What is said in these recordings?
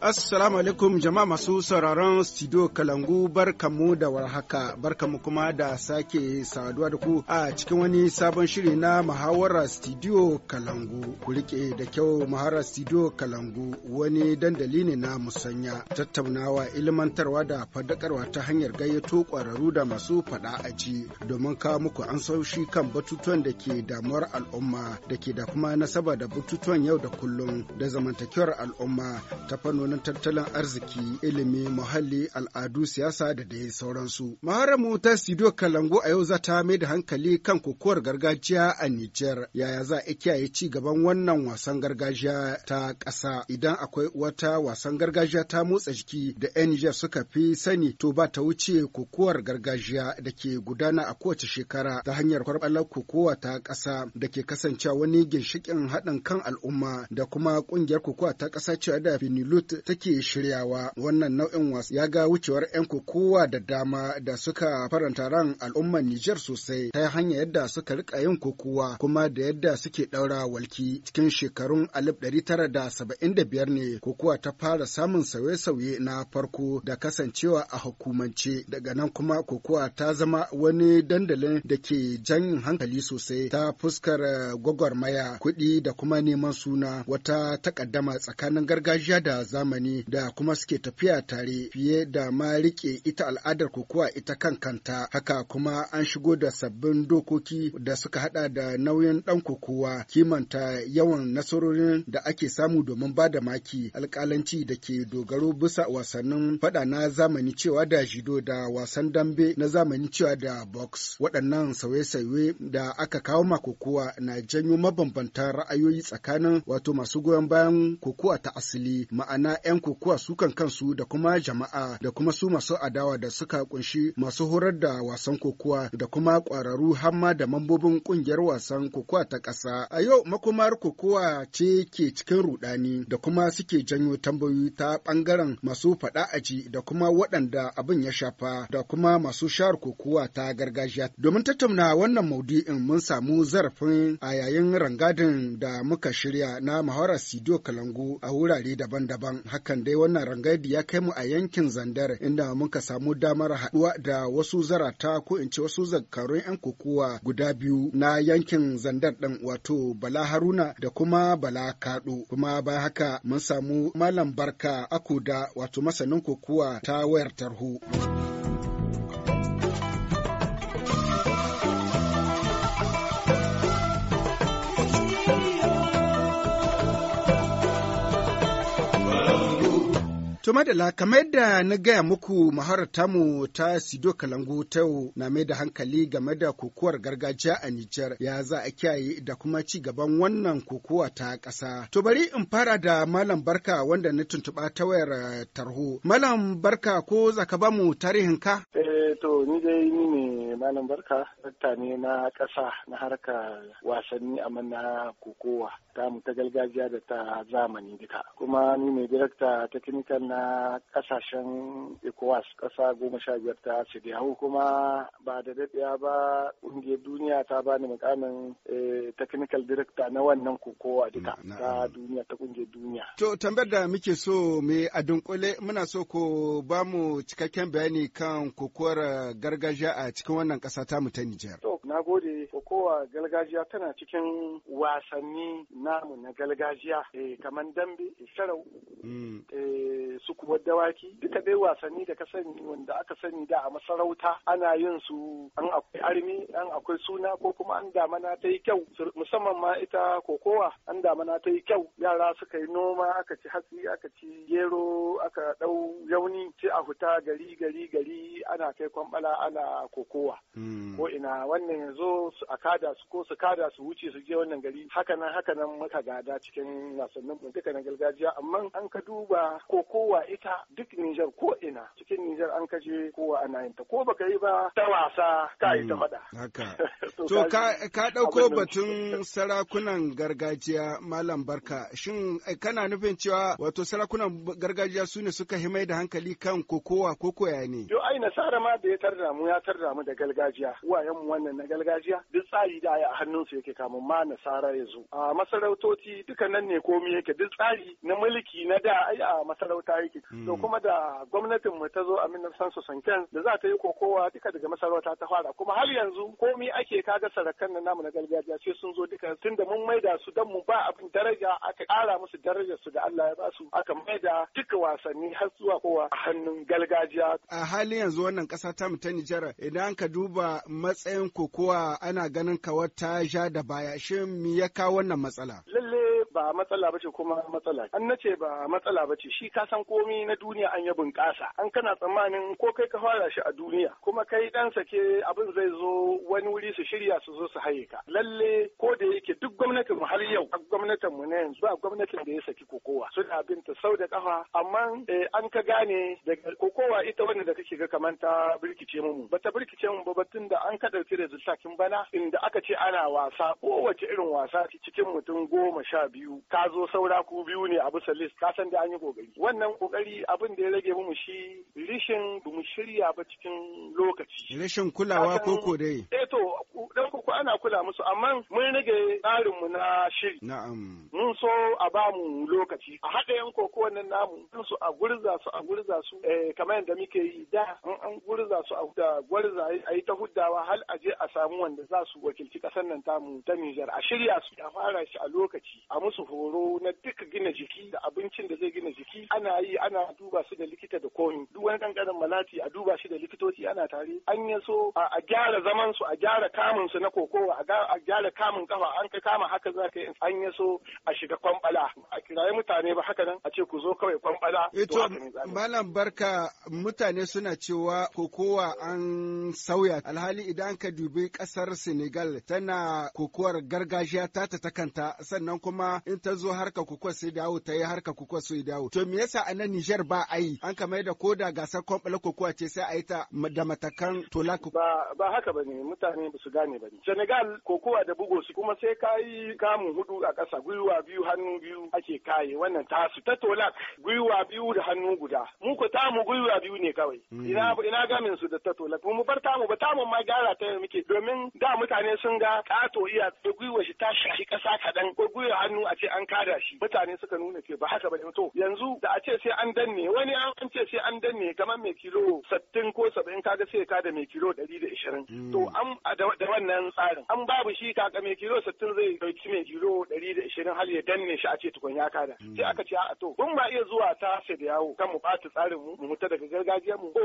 Assalamu alaikum jama'a masu sauraron studio Kalangu barkamu da warhaka barkamu kuma da sake saduwa da ku a cikin wani sabon shiri na muhawara studio Kalangu. Ku rike da kyau muhawara studio Kalangu wani dandali ne na musanya tattaunawa ilmantarwa da fadakarwa ta hanyar gayyato ƙwararru da masu faɗa a ji domin kawo muku an saushi kan batutuwan da ke damuwar al'umma da ke da kuma nasaba da batutuwan yau da kullum da zamantakewar al'umma ta fano fannonin tattalin arziki, ilimi, muhalli, al'adu, siyasa da dai sauransu. Maharamu ta Sido Kalangu a yau za ta mai da hankali kan kokowar gargajiya a Nijar. Yaya za a kiyaye ci gaban wannan wasan gargajiya ta ƙasa idan akwai wata wasan gargajiya ta motsa jiki da 'yan Nijar suka fi sani to ba ta wuce kokowar gargajiya da ke gudana a kowace shekara ta hanyar kwarɓalar kokowa ta ƙasa da ke kasancewa wani ginshikin haɗin kan al'umma da kuma ƙungiyar kokowa ta ƙasa cewa da finilut take shiryawa wannan nau'in wasa ya ga wucewar 'yan kokowa da dama da suka faranta ran al'ummar Nijar sosai ta hanya yadda suka rika yin kokowa kuma da yadda suke ɗaura walki cikin shekarun 1975 ne kokowa ta fara samun sauye-sauye na farko da kasancewa a hukumance daga nan kuma kokowa ta zama wani dandalin da ke jan hankali sosai ta fuskar eh, gwagwarmaya kuɗi da kuma neman suna wata takaddama tsakanin gargajiya da zamani zamani da kuma suke tafiya tare fiye da ma rike ita al'adar kokowa ita kan kanta haka kuma an shigo da sabbin dokoki da suka hada da nauyin dan kokowa kimanta yawan nasarorin da ake samu domin ba da maki alkalanci da ke dogaro bisa wasannin fada na zamani cewa da jido da wasan dambe na zamani cewa da box waɗannan sauye-sauye da aka kawo ma kokowa na janyo mabambantan ra'ayoyi tsakanin wato masu goyon bayan kokowa ta asali ma'ana 'yan kokowa sukan kansu da kuma jama'a da kuma su masu adawa da suka kunshi masu horar da wasan kokowa da kuma ƙwararru hamma da mambobin ƙungiyar wasan kokowa ta ƙasa. A yau makomar kokowa ce ke cikin rudani da kuma suke janyo tambayoyi ta ɓangaren masu faɗa aji da kuma waɗanda abin ya shafa da kuma masu shar kokowa ta gargajiya. Domin tattauna wannan maudu'in mun samu zarafin a yayin rangadin da muka shirya na Mahawarar Sidiyo Kalangu a wurare daban-daban. hakan dai wannan rangadi ya kai mu a yankin zandar inda muka samu damar haɗuwa da wasu zarata ko in ce wasu zakarun 'yan kokowa guda biyu na yankin zandar ɗin wato bala haruna da kuma bala kaɗo kuma ba haka mun samu malam barka akuda wato masanin kokowa ta wayar tarho. To madala kamar yadda na gaya muku mu ta Sido Kalangu ta na mai da hankali game da kokuwar gargajiya a Nijar ya za a kiyaye da kuma ci gaban wannan kokuwa ta ƙasa. To bari in fara da Malam Barka wanda na tuntuɓa ta wayar tarho. Malam Barka ko za ka ba mu tarihin ka? Eh, Eh, to ni dai ni ne Malam Barka, ne na ƙasa na harka wasanni a na kokowa ta mu ta gargajiya da ta zamani duka. Kuma ni ne direkta technical na ƙasashen ECOWAS ƙasa goma sha biyar ta Sidiyahu kuma ba da daɗiya ba ƙungiyar duniya ta bani mukamin eh, technical director na wannan kokowa duka ta duniya ta ƙungiyar duniya. To tambayar da muke so mai a dunkule muna so ko ba mu cikakken bayani kan kokowar gargajiya a cikin wannan ƙasa ta mu ta Nijar? To na gode kokowa galgajiya tana cikin wasanni namu na gargajiya eh, kamar dambe sarau mm. eh, su kuma dawaki duka dai wasanni da ka sani wanda aka sani da a masarauta ana yin su an akwai armi an akwai suna ko kuma an damana ta yi kyau musamman ma ita kokowa an damana ta yi kyau yara suka yi noma aka ci hatsi aka ci gero aka dau yauni sai a huta gari gari gari ana kai kwambala ana kokowa mm. ko ina wannan yanzu a kada su ko su kada su wuce su je wannan gari hakanan hakanan muka gada cikin wasannin mu na gargajiya amma an ka duba ko kowa ita duk Nijar ko ina cikin Nijar an kaje kowa ana yin ta ko baka yi ba ta wasa ka yi ta mm, faɗa. Haka. To ka ɗauko batun sarakunan gargajiya Malam Barka shin eh, kana nufin cewa wato sarakunan gargajiya su ne suka himai da hankali kan kokowa ko koya ne? Yo ai nasara ma da ya tarda mu ya tarda mu da gargajiya wayan mu wannan na gargajiya duk tsari da a hannunsu yake kamun ma nasara ya zo a masarautoci duka nan ne komi yake duk tsari na mulki na da ai a masarauta yake hmm. to kuma da gwamnatin mu ta zo a minnan sansu sanken da za ta yi kokowa duka daga masarauta ta fara kuma har yanzu komi ake kaga sarakan nan namu na gargajiya sai sun zo duka tunda mun maida su dan mu ba abin daraja aka kara musu darajar su da Allah ya ba su aka maida duka wasanni har zuwa kowa a hannun gargajiya a halin yanzu wannan kasa ta mu ta Nijar idan ka duba matsayin koko kuwa ana ganin kawar ta ja da baya shin me ya kawo wannan matsala? Lalle ba matsala bace kuma matsala an nace ba matsala bace shi ka san komi na duniya an ya bunƙasa an kana tsammanin ko kai ka fara shi a duniya kuma kai dan sake abin zai zo wani wuri su shirya su zo su haye ka lalle ko da yake duk gwamnatin mu har yau gwamnatin mu ne yanzu ba gwamnatin da ya saki kokowa suna abin ta sau da kafa amma eh, an ka gane daga kokowa ita wanda da kake ga kamar ta birkice mu bata birkice mu ba tun da an ka dauki resultakin bana inda aka ce ana wasa kowace irin wasa cikin mutum goma sha biyu biyu ka zo saura ku biyu ne a bisa list ka san da an yi kokari wannan kokari abin da ya rage mu shi rishin bamu shirya ba cikin lokaci rishin kulawa ko ko dai eh to dan ku ana kula musu amma mun rage tsarin mu na shiri na'am mun so a ba mu lokaci a haɗa yan koko wannan namu mun so a gurza su a gurza su eh kamar yadda muke yi da an gurza su a da a yi ta huddawa hal a je a samu wanda za su wakilci ƙasar nan tamu ta Nijar a shirya su a fara shi a lokaci musu horo na duka gina jiki da abincin da zai gina jiki ana yi ana duba su da likita da komi duk wani kankanin malati a duba shi da likitoci ana tare an yi so a gyara zaman su a gyara kamun su na kokowa a gyara kamun kafa an ka kama haka za ka yi an yi so a shiga kwambala a kiraye mutane ba haka nan a ce ku zo kawai kwambala ito eh malam barka mutane suna cewa kokowa an sauya alhali idan ka dubi kasar senegal tana kokowar gargajiya ta ta kanta sannan kuma in ta zo harka kuka sai dawo ta yi harka kuka sai dawo to me yasa a nan Niger ba a yi an kamar da koda gasar kwamfala kokowa ce sai a yi ta da matakan tola ba ba haka bane mutane ba su gane bane Senegal kokowa da bugo su kuma sai ka yi kamun hudu a ƙasa gwiwa biyu hannu biyu ake kaye wannan tasu ta la gwiwa biyu da hannu guda mu ko tamu gwiwa biyu ne kawai mm. ina ina gamin su da ta tolak mu bar tamu ba tamu ma gyara ta muke domin da mutane sun ga kato iya da gwiwa shi ta shahi ƙasa kaɗan ko gwiwa hannu a ce an kada shi mutane suka nuna ce ba haka bane to yanzu da a ce sai an danne wani an ce sai an danne kamar mai kilo 60 ko 70 kaga sai ka da mai kilo 120 da hmm. to an da wannan tsarin an babu shi kaka mai kilo 60 zai ɗauki mai kilo 120 da har ya danne shi a ce tukun ya kada hmm. sai aka ce a to mun ba iya zuwa ta da yawo kan mu bata tsarin mu mu daga gargajiya mu ko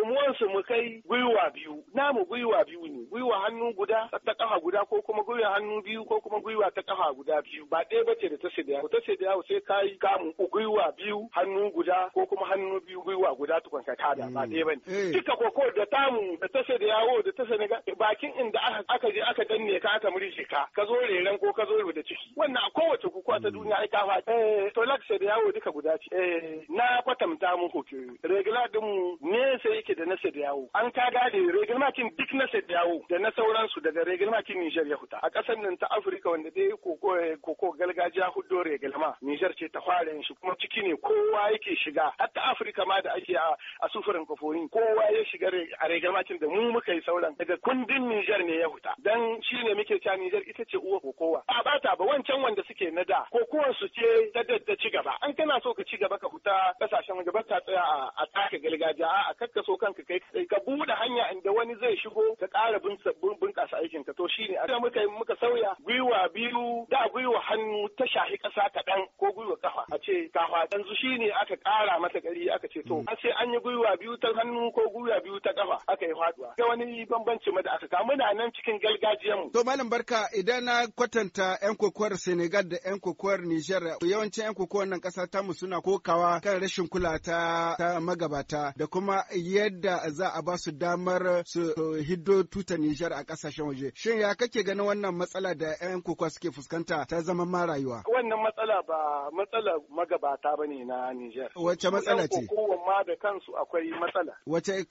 mu kai gwiwa biyu namu gwiwa biyu ne gwiwa hannu guda ta kafa guda ko kuma gwiwa hannu biyu ko kuma gwiwa ta kafa guda biyu ba ɗaya bace da ta da yawo tace da yawo sai yi kamun gwiwa biyu hannu guda ko kuma hannu biyu gwiwa guda tukun ka tada ba dai bane mm. Mm. duka koko da tamu da tace da yawo da tace ne bakin inda aka je aka danne ka aka murje ka ka zo reren ko ka zo da ciki wannan a kowace kukuwa ta mm. duniya ai ka fa eh to lakse da yawo duka guda ce eh na kwatamta ko ke regular din mu ne sai yake da na da yawo an ka gane makin duk na da yawo da na sauransu daga regulmakin Niger ya huta a kasar nan ta Afirka wanda dai koko eh, koko gargajiya huddo regalama Nijar ce ta fara yin shi kuma ciki ne kowa yake shiga hatta Afrika ma da ake a sufurin kofofin kowa ya shiga a cin da mu muka yi sauran daga kundin Nijar ne ya huta dan shi ne muke cewa Nijar ita ce uwa kokowa ba ba ta ba wancan wanda suke na da kokowar su ce ta dadda ci gaba an kana so ka ci gaba ka huta kasashen waje ba ta tsaya a taka gargajiya a kakkaso kanka kai ka buɗe hanya inda wani zai shigo ka ƙara bunƙasa aikinka to shine a muka muka sauya gwiwa biyu da gwiwa hannu ta shahi yi ƙasa kaɗan ko gwiwa kafa a ce kafa yanzu shi ne aka ƙara mata gari aka ce to an ce an yi gwiwa biyu ta hannu ko gwiwa biyu ta kafa aka yi faduwa ga wani bambanci ma da aka kawo muna nan cikin gargajiyan mu. to malam barka idan na kwatanta yan kokowar senegal da yan kokowar niger yawancin yan kokowar nan ta mu suna kokawa kan rashin kula ta magabata da kuma yadda za a ba su damar su hiddo tuta niger a ƙasashen waje shin ya kake ganin wannan matsala da yan kokowa suke fuskanta ta zama ma rayuwa. wannan matsala ba matsala magabata ba ne na Nijar. Wace matsala ce? Kokowa ma da kansu akwai matsala. Wace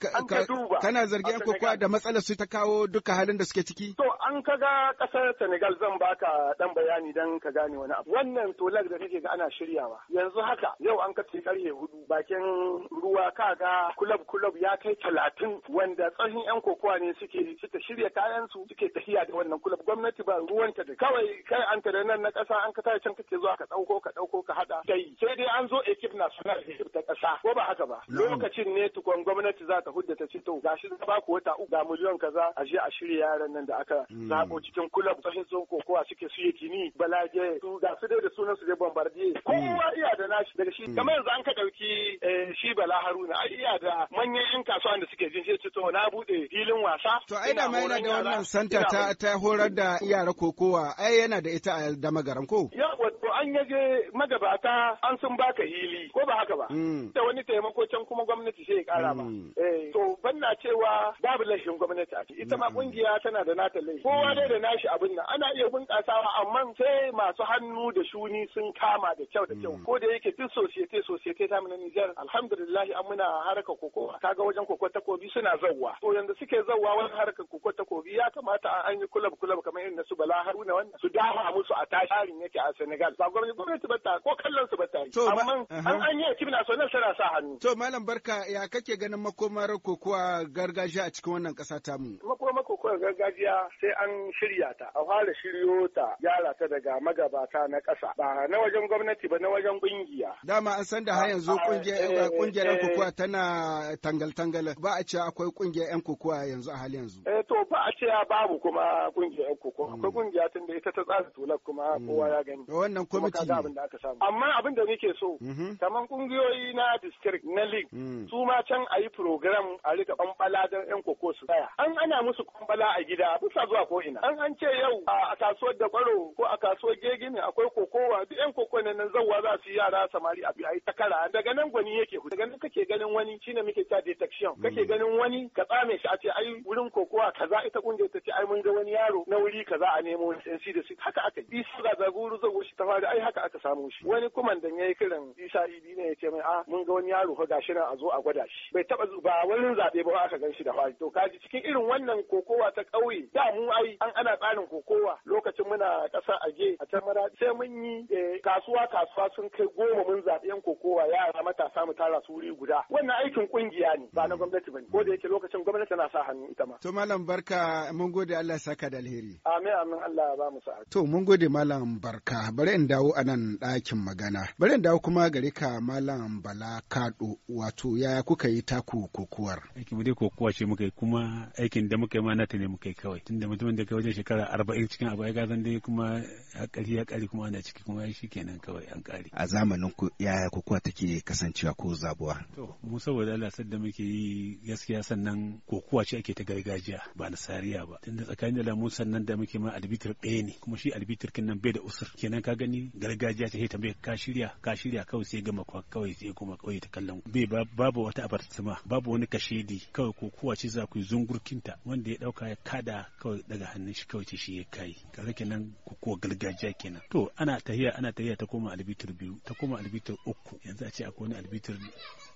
kana zargi kokowa da matsala su ta kawo duka halin da suke ciki? To an kaga kasar Senegal zan baka dan bayani dan ka gane wani abu. Wannan tolar da kake ga ana shiryawa. Yanzu haka yau an kace karye hudu bakin ruwa ka ga kulab kulab ya kai talatin wanda tsohon yan kokowa ne suke suka shirya kayan su suke tafiya da wannan kulab gwamnati ba ruwanta da kawai kai an tare nan na kasa an ka can kake zuwa ka ɗauko ka ɗauko ka haɗa dai sai dai an zo ekip national ta ƙasa ko ba haka ba lokacin ne tukun gwamnati za ta hudda ta ce to gashi za ba ku wata uku ga miliyan kaza a je a shirya yaran nan da aka hmm. zaɓo cikin kulab tsohon sun kokowa suke su yakini balage su ga su dai da sunan su dai bombardier hmm. kowa iya da nashi daga shi hmm. kamar yanzu an ka ɗauki eh, shi bala haruna a iya da manyan yan kasuwa da suke jin to na buɗe filin wasa. to ai da mai yana da wannan santa ta horar da yara kokowa ai yana da ita a damagaran ko. wato an yaje magabata an sun baka hili ko ba haka ba mm. da wani taimako can kuma gwamnati sai ya kara ba mm. eh, to banna cewa babu laifin gwamnati a ita ma kungiya tana da nata laifi kowa dai da nashi abin nan ana iya bunkasawa amma sai masu hannu da shuni sun kama da kyau da kyau mm. ko da yake duk societe societe ta na Nijar alhamdulillah an muna harkar kokowa kaga wajen kokowa takobi suna zawwa to yanda suke zawwa wajen harkar kokowa kobi ya kamata an yi kulab kulab kamar irin na su Bala Haruna wanda. su dafa musu a tasharin yake a Senegal ba gwamnati ba ta ko kallon su ba ta yi. Amma an an yi ekip national sa hannu. To malam barka ya kake ganin makomar kokowa gargajiya a cikin wannan ƙasa ta mu. Makomar kokowa gargajiya sai an shirya ta a fara shiryo ta gyara ta daga magabata na ƙasa ba na wajen gwamnati ba na wajen ƙungiya. Dama an san da har yanzu ƙungiyar ƴan eh, eh. kokowa tana tangal-tangal ba a ce akwai ƙungiyar 'yan kokowa yanzu a hali yanzu. Eh to ba a ce babu kuma ƙungiyar 'yan kokowa akwai ƙungiya tun ita ta tsara tulak kuma mm. kowa ya gani. Oh, wannan kwamiti amma abin da nake so mhm. kamar kungiyoyi na district na league mm. su ma can a yi program a rika bambala don yan koko su tsaya an ana musu kwambala a gida bisa zuwa ko ina an an ce yau a kasuwar da kwaro ko a kasuwar gegini akwai kokowa duk yan koko ne nan zauwa za su yi yara samari a biyu a yi takara. daga nan gwani yake hudu daga nan kake ganin wani shine muke ta detection kake mm. ganin wani ka tsame shi a ce ai wurin kokowa kaza ita kungiyar ta ce ai mun ga wani yaro na wuri kaza a nemo wani da su haka aka yi Bisa ga zaguru zago shi ta fari ai haka aka samu shi wani kumandan ya yi kiran isa idi ne ya ce mai a ah, mun ga wani yaro fa gashi nan a zo a gwada shi bai taba ba wani zaɓe ba aka gan shi da fari to kaji cikin irin wannan kokowa ta ƙauye da mu ai an ana tsarin kokowa lokacin muna ƙasa a je a tamara sai mun yi eh, kasuwa kasuwa sun kai goma mun zaɓi kokowa yara matasa mu tara su wuri guda wannan aikin kungiya ne ba na gwamnati bane ko da yake lokacin gwamnati tana sa hannu ita ma to malam barka mun gode Allah saka da alheri amin amin Allah ya ba mu sa'a to mun gode malam barka bari in dawo a nan ɗakin magana bari in dawo kuma gare ka malam bala kaɗo wato yaya kuka yi taku kokuwar aikin mu dai kokuwa ce muka yi kuma aikin da muka yi ma na ta ne muka yi kawai tunda mutumin da kai wajen shekara arba'in cikin abu ya zan dai kuma a ƙari ya ƙari kuma ana ciki kuma shi kenan kawai an ƙari a zamanin ku yaya kokuwa take kasancewa ko zabuwa to mu saboda Allah da muke yi gaskiya sannan kokuwa ce ake ta gargajiya ba na sariya ba tunda tsakanin da mu sannan da muke ma albitir ɗaya ne kuma shi albitir kin nan bai da usur kenan ka gani gargajiya ce tambaye ka shirya ka shirya kawai sai gama kawai sai kuma kawai ta kallon bai babu wata abartsima babu wani kashedi kawai ko kowa ce za ku yi zungurkinta wanda ya dauka ya kada kawai daga hannun shi kawai ce shi ya kai kaga kenan ku ko gargajiya kenan to ana tahiya ana tahiya ta koma albitir biyu ta koma albitir uku yanzu a ce akwai wani albitir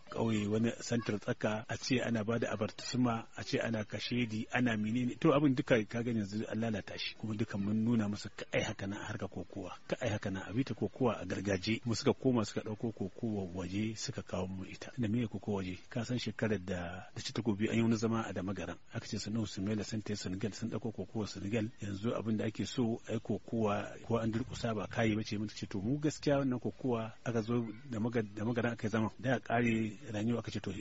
kauye wani santar tsaka a ce ana bada da abartisma a ce ana kashedi ana menene to abin duka ka gani yanzu an lalata shi kuma duka mun nuna musu ka ai haka nan harka kokowa ka ai haka nan abita kokowa a gargaje mu suka koma suka dauko kokowa waje suka kawo mu ita da me kokowa waje ka san shekarar da da ci takobi an yi wani zama a damagaran aka ce sanu su mela santa senegal sun dauko kokowa senegal yanzu abin da ake so ai kokowa ko an durkusa ba kayi bace mun ce to mu gaskiya wannan kokowa aka zo da magaran aka zama da ya kare rayuwa aka ce to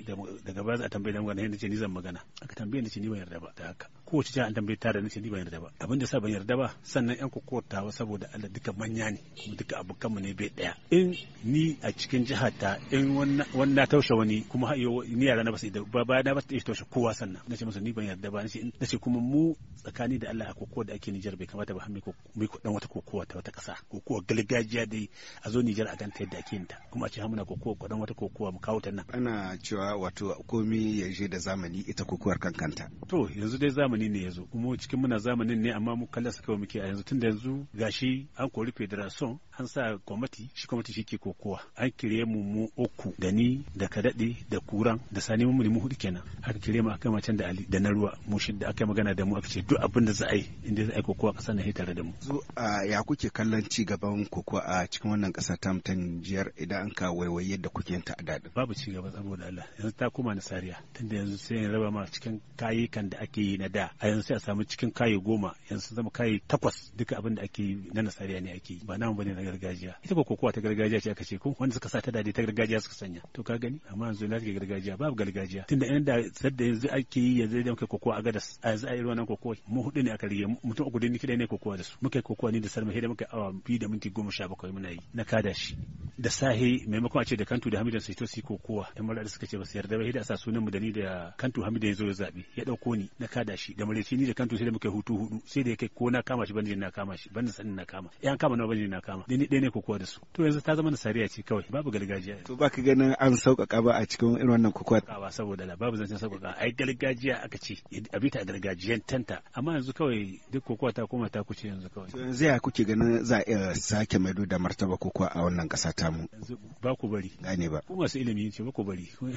daga baya za a tambaye dan magana ce ni zan magana aka tambaye ni ce ni ban yarda ba da haka kowace jihar an tambaye ta da nace ni ban yarda ba abin da sa ban yarda ba sannan yan kokotawa saboda Allah duka manya ne kuma duka abokan mu ne bai daya in ni a cikin jihar ta in wannan taushe wani kuma ni yara na ba su ba ba na ba su taushe kowa sannan nace musu ni ban yarda ba nace nace kuma mu tsakani da Allah a kokowa da ake Niger bai kamata ba har mu ko dan wata kokowa ta wata kasa kokowa galgajiya dai a zo Niger a ganta yadda ake yin ta kuma a ce hamuna kokowa ko dan wata kokowa mu kawo ta nan ana cewa wato komi ya je da zamani ita kokowar kankanta to yanzu dai zamani zamani ne yanzu kuma cikin muna zamanin ne amma mu kallasa kawai muke a yanzu tunda yanzu gashi an kori federation an sa gwamnati shi gwamnati shi ke kokowa an kire mu mu uku da ni da kadaɗe da kuran da sani mu mu hudu kenan aka kire mu aka macen da ali da na ruwa mu da aka magana da mu aka ce duk abin da za a yi inda za a yi kokowa kasa na tare da mu. zu ya kuke kallon ci gaban kokowa a cikin wannan kasa ta mutan jiyar idan an ka waiwaye yadda kuke ta a daɗin. babu ci gaba saboda Allah yanzu ta koma nasariya tunda yanzu sai in raba ma cikin kayayyukan da ake yi na da a yanzu sai a samu cikin kayi goma yanzu zama kayi takwas duka abin da ake yi na nasariya ne ake yi ba namu bane na gargajiya ita ba kokowa ta gargajiya ce aka ce ko wanda suka sa ta dade ta gargajiya suka sanya to ka gani amma yanzu na take gargajiya babu gargajiya tunda yan da sadda yanzu ake yi yanzu da muke kokowa a gadas a yanzu a yi wannan kokowa mu hudu ne aka rige mutum uku ne kidai ne kokowa da su muka kokowa ne da sarma da muka awa biyu da minti goma sha bakwai muna yi na kada shi da sahi maimakon a ce da kantu da hamidan su to su yi kokowa mara da suka ce ba su yarda ba da sa sunan mu da ni da kantu hamidan ya zo ya zabe ya dauko ni na kada shi da mareci ni da kantu sai da muka hutu hudu sai da ya kai ko na kama shi ban na kama shi ban sanin na kama ya eh, kama na ban na kama jini ɗaya ne kokowa da su to yanzu ta zama sariya ce kawai babu gargajiya to ba ka ganin an sauƙaƙa ba a cikin irin wannan kokowa ba saboda la babu zancen sauƙaƙa ai gargajiya aka ce a bi ta gargajiyan tanta amma yanzu kawai duk kokowa ta koma ta kuce yanzu kawai to yanzu ya kuke ganin za a sake maido da martaba kokowa a wannan ƙasa ta mu ba ku bari gane ba ku masu ilimi ce ba ku bari ku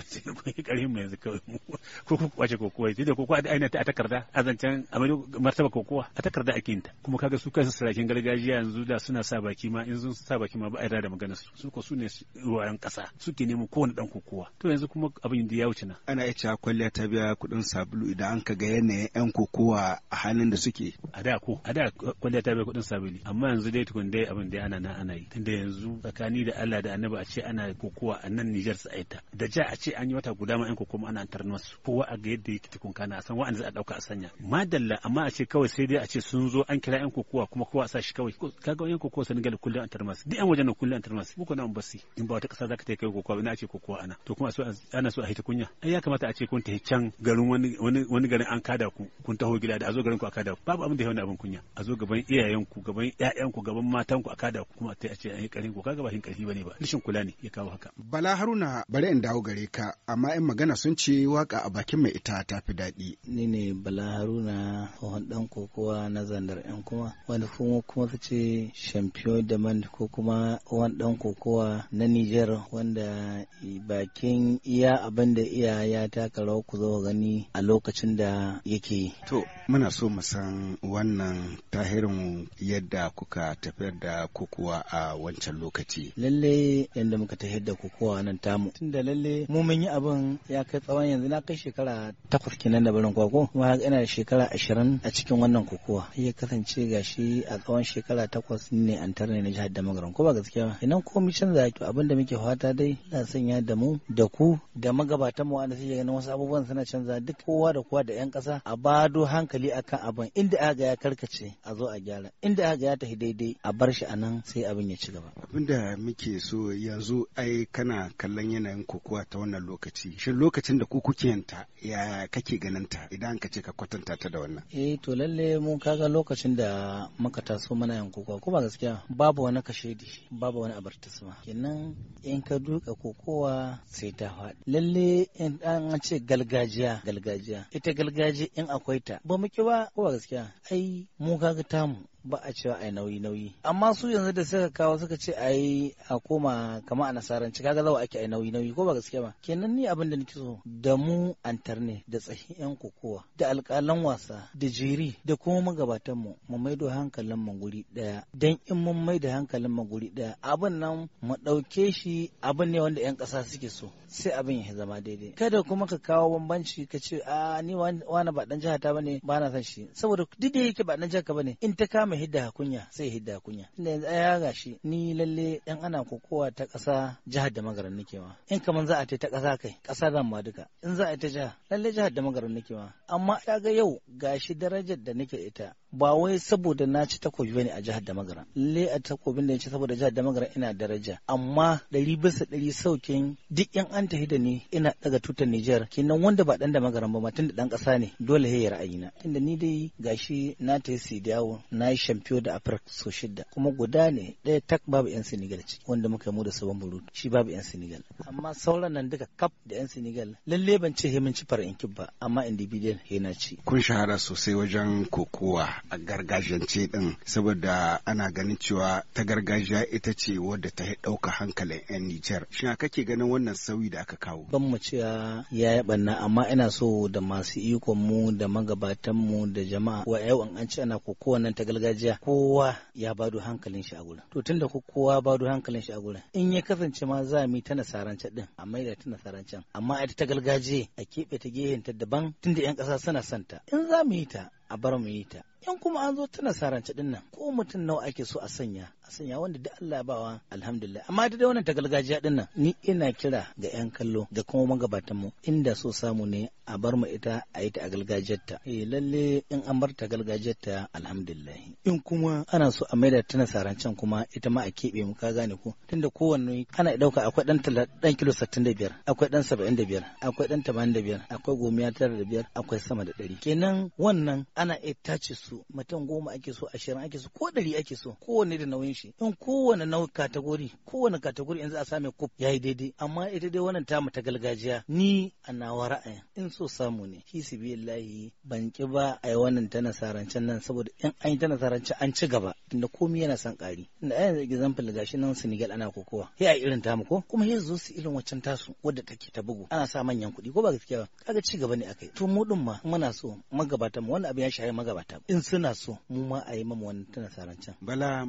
ƙarfin mu yanzu kawai ko ku kwace kokowa sai da ko da ainihin ta a takarda a zancen a maido martaba kokowa a takarda ake yin ta kuma kaga su kansu sarakin gargajiya yanzu da suna sa baki ma in sun sa baki ma ba a yarda da magana su su ko su ne ruwayen kasa suke neman kowane dan kokowa to yanzu kuma abin da ya wuce na ana iya cewa kwalliya ta biya kuɗin sabulu idan an ka ga yanayin yan kokowa a halin da suke a da ko a da kwalliya ta biya kuɗin sabulu amma yanzu dai tukun dai abin da ana na ana yi tunda yanzu tsakani da Allah da Annabi a ce ana kokowa a nan Niger su aita da ja a ce an yi wata guda ma yan kokowa ana antar masu kowa a ga yadda yake tukun kana a san wa'anda za a dauka a sanya madalla amma a ce kawai sai dai a ce sun zo an kira yan kokowa kuma kowa a sa shi kawai kaga yan kokowa Senegal kullum kullum an tarmasi duk an wajen na kullum an tarmasi mu ko nan basi in ba wata kasa zaka ta kai kokowa ina ce kokowa ana to kuma so ana so a hita kunya ai ya kamata a ce kun ta can garin wani wani garin an kada ku kun taho gida da a zo garin ku a kada ku babu abin da ya wani abin kunya a zo gaban iyayen ku gaban ƴaƴan ku gaban matan ku a kada ku kuma a ce an yi karin ku kaga ba hin karfi bane ba lishin kula ne ya kawo haka bala haruna bare in dawo gare ka amma in magana sun ce waka a bakin mai ita ta fi daɗi ni ne bala haruna tsohon dan kokowa na zandar yan kuma wani kuma kuma su ce champion da jamal ko kuma wani dan kokowa na niger wanda bakin iya abin da iya ya taka rawa ku zo gani a lokacin da yake to muna so mu san wannan tahirin yadda kuka tafiyar da kokowa a wancan lokaci lalle yadda muka tafiyar da kokowa nan tamu tunda lalle mu mun yi abin ya kai tsawon yanzu na kai shekara takwas kenan da barin kwako kuma ina da shekara ashirin a cikin wannan kokowa ya kasance gashi a tsawon shekara takwas ne an tarne na jihar da magaran ko ba gaskiya ba idan komai canza to abin da muke fata dai na sanya da mu da ku da magabatan mu wanda suke ganin wasu abubuwan suna canza duk kowa da kowa da yan kasa a bado hankali akan abin inda aga ya karkace a zo a gyara inda aga ya tafi daidai a bar shi anan sai abin ya ci gaba abin muke so yanzu ai kana kallon yanayin kokowa ta wannan lokaci shin lokacin da ku kuke yanta ya kake ganin ta idan ka ce ka kwatanta ta da wannan eh to lalle mun kaga lokacin da muka taso mana yan kokowa ko ba gaskiya babu babu wani di babu wani abartisma kenan in ka duka kokowa sai ta faɗi lalle in an ce galgajiya galgajiya ita galgajiya in akwai ta ba mu ki ba ko gaskiya ai mu kaga tamu ba a cewa a nauyi nauyi amma su yanzu da suka kawo suka ce a yi a koma kama a nasaranci kaga zawa ake a nauyi nauyi ko ba gaske ba kenan ni abin da nake so da mu tarne da tsahin yan kokowa da alƙalan wasa da jiri da kuma magabatan mu mu maido hankalin mu guri daya dan in mun maida hankalin mu guri daya abin nan mu dauke shi abin ne wanda yan ƙasa suke so sai abin ya zama daidai kada kuma ka kawo bambanci ka ce a ni wani ba dan jihata bane ba na san shi saboda duk da yake ba dan bane in ta kama mai hidda kunya sai hidda kunya tunda yanzu ya gashi ni lalle yan ana kokowa ta ƙasa jihar da magaran nake ma in kaman za a ta ƙasa kai ƙasa zan ma duka in za a ta jiha lalle jihar da magaran nake ma amma ga yau gashi darajar da nake ita ba wai saboda na ci takobi ne a jihar Damagara lalle a takobin da ci saboda jihar Damagara ina daraja amma ɗari bisa ɗari saukin duk yan an tafi da ni ina daga tutar Nijar kenan wanda ba dan Damagara ba ma tunda dan ƙasa ne dole ya ra'ayi na. Inda ni dai gashi na ta yi sidiyawo na yi shamfiyo da Afirka so shida kuma guda ne ɗaya tak babu yan Senegal ci wanda muka yi mu da sabon buru shi babu yan Senegal amma sauran nan duka kaf da yan Senegal lalle ban ce he mun ci farin ba amma individual he na ci kun shahara sosai wajen kokowa a gargajiyance din saboda ana ganin cewa ta gargajiya ita ce wadda ta ɗauka hankalin 'yan Nijar. Shin kake ganin wannan sauyi da aka kawo? Ban mu cewa ya yi ɓanna amma ina so da masu ikon mu da magabatan mu da jama'a wa yau an ci ana ko kowannan ta gargajiya kowa ya bado hankalin shi a gurin. To tunda ko kowa bado hankalin shi a gurin in ya kasance ma za mu yi ta nasarancen din amma da ta nasarancen amma ita ta gargajiya a keɓe ta gehen ta daban tunda 'yan ƙasa suna santa in za mu yi ta a bar mu yi ta yan kuma an zo ta nasarance din nan ko mutum nawa ake so a sanya a sanya wanda duk Allah bawa alhamdulillah amma da wannan ta gargajiya din nan ni ina kira ga yan kallo da kuma magabatan mu inda so samu ne a bar mu ita a yi ta a gargajiyarta eh lalle in an bar ta gargajiyarta alhamdulillah in kuma ana so a maida ta nasaran can kuma ita ma a keɓe mu ka gane ko tunda kowanne ana dauka akwai dan dan kilo 65 akwai dan 75 akwai dan 85 akwai gomiya 95 akwai sama da 100 kenan wannan ana iya tace su mutum goma ake so ashirin ake so ko ɗari ake so kowanne da nauyin shi in kowane nau katagori kowane katagori in za a same kuf yayi daidai amma ita dai wannan tamu ta gargajiya ni a nawa ra'ayin in so samu ne hisibillahi ban ki ba a yi wannan ta nasarancen nan saboda in an yi ta nasarancen an ci gaba tunda komai yana son ƙari inda ayan zai example gashi nan Senegal ana kokowa ya a irin tamu ko kuma ya zo su irin waccan tasu wadda take ta bugu ana sa manyan kuɗi ko ba gaskiya ba kaga ci gaba ne akai to mu ɗin ma muna so magabata mu wannan abin ya shahara magabata in suna so mu ma a yi mamu wannan ta nasarancen bala